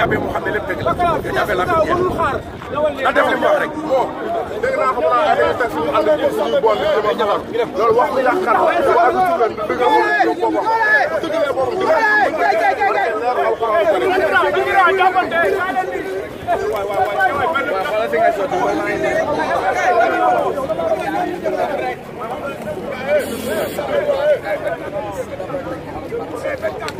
jàppee mu xam ne lépp dëgg la nga jàppee la nga jeex na def li mu wax rek bon dégg naa xam naa ay test yu ànd ak suñu bool bi dama ko loolu wax bi yàqal waaye bu tuugal bi nga wax ko boppam dëgg la boppam dëgg la waay waay waay waay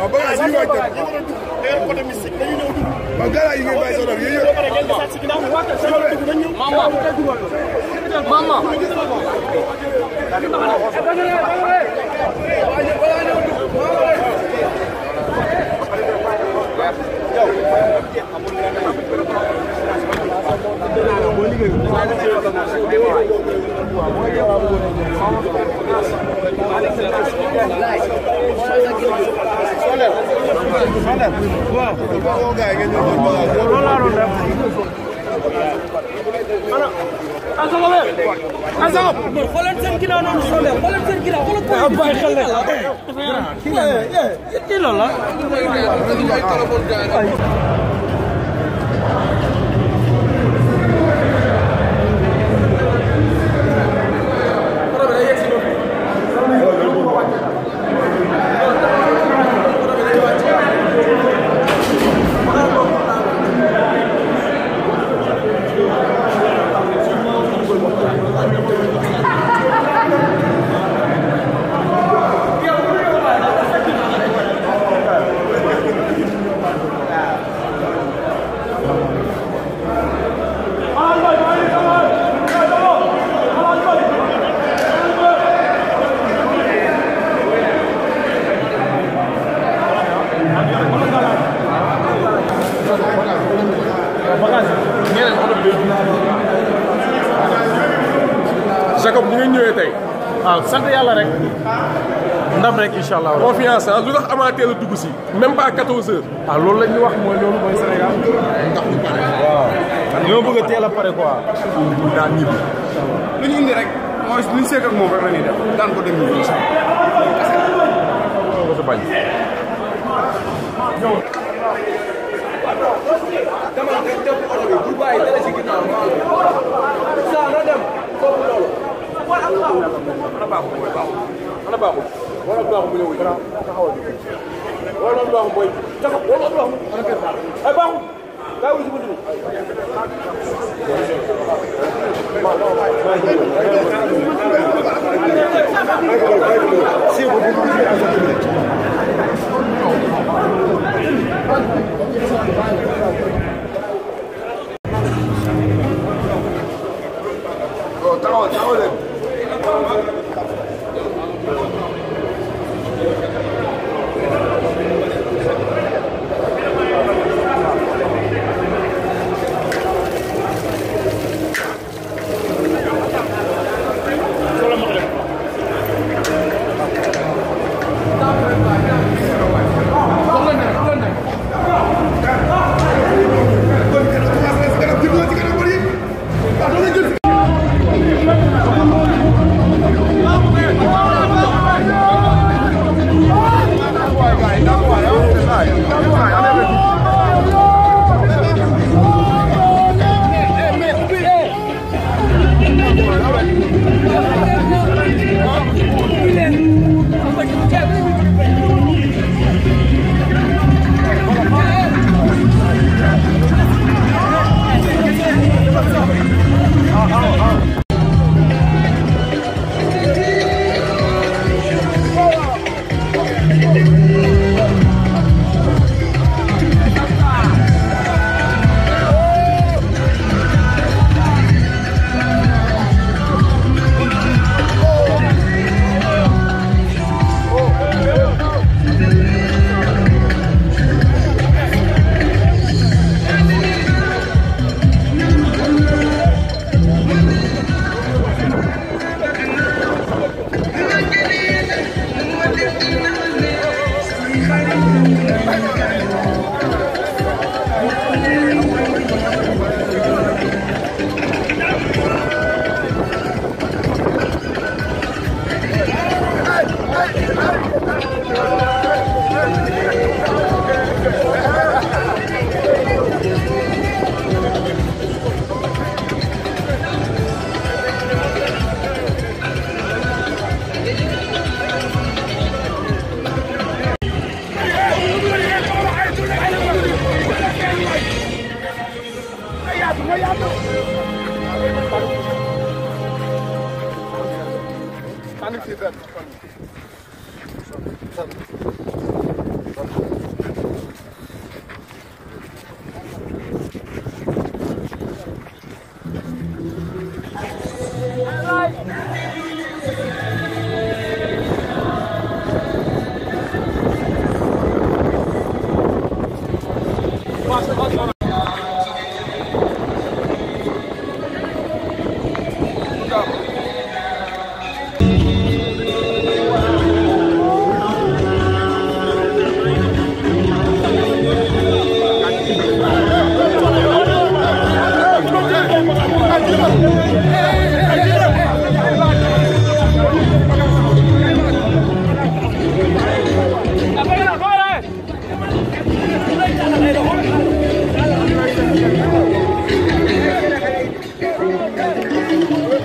waaw bagage yi waaj tam waaw côté mystique dañu ñëw dugg. waaw gars yi ngeen bàyyi sa doom yéen yëpp. maman maman. Thank you. Fandel Fandel waaw. loolu laa doon def. alors. asaka wér. asaka. xoolal seen ginnaaw noonu Fandel xoolal seen ginnaaw xoolal ko. waaw bàyyi xel la kii la la. waaw sant yàlla rek ndam rek incha allah. confiance ah lu dugg si. même pas 14 ah, loolu la wax mooy loolu mooy Sénégal. ndax du pare. waaw ñoo bëgg a teel a pare mooy lu ñu seet ak moom rek la ñuy def ko dem ñu incha allah. ko bañ. dama nga dem ana baaxul mooy baaxul ana baaxul wala baaxul mu ne wuy wala baaxul mooy taxa wala baaxul ana kër ay baaxul daa wuy si buntu taxawal taxawal leen Thank you.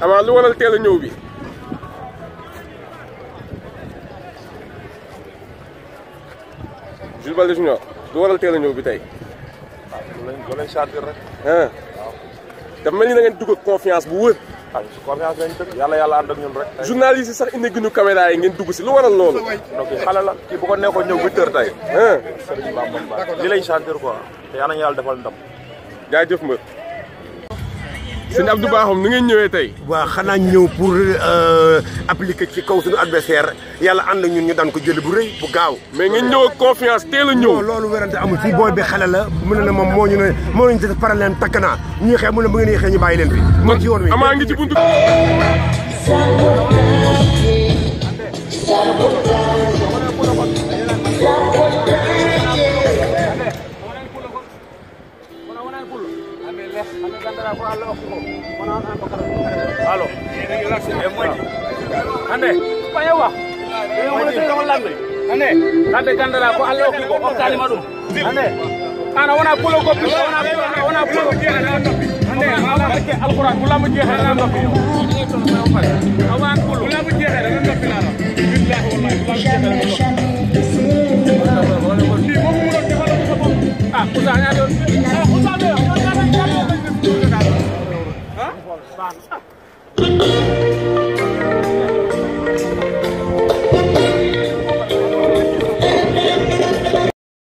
avant lu waral teel a ñëw bi Jules Baldé Junior lu waral teel a ñëw bi tey. waaw lañ chargé rek. dafa mel ni da ngeen dugg ak confiance bu wër. waaw ah, confiance lañ dëkk yàlla yàlla ànd ak ñun rek. journaliste yi sax indi ginu caméra yi ngeen dugg si lu waral loolu. donc xale la kii bu ko nekkoon ñëw huit heures tey. sëriñ Ba Mbamba lii lañ chargé quoi te yàlla nañu yàlla defal ndam. jaajëf mbër. sëñ Abdou Bakhoum nu ngeen ñëwee tey. waa xanaa ñëw pour euh, appliquer ci kaw suñu adversaire yàlla ànd ak ñun ñu daan ko jël bu rëy bu gaaw. mais ngeen ñëw confiance teel a ñëw. loolu werante amul fii booy bi xale la mu ne la moom moo ñu ne moo ñu def pare leen takk naa ñuy xeex mu ne bu ngeen yéexee ñu bàyyi leen fi. man ci yoon wi amaa ngi ci buntu. alo e moƴƴi hannde ɓaye wa ɗeomo lamde hannde ladde gandara ko allah okki ko oftanima ɗum hannde ana wona pulo goppi wona pulo hannde barke alqouran ko lambo jeexeɗa noppi a wan pulo lambo jeexeɗa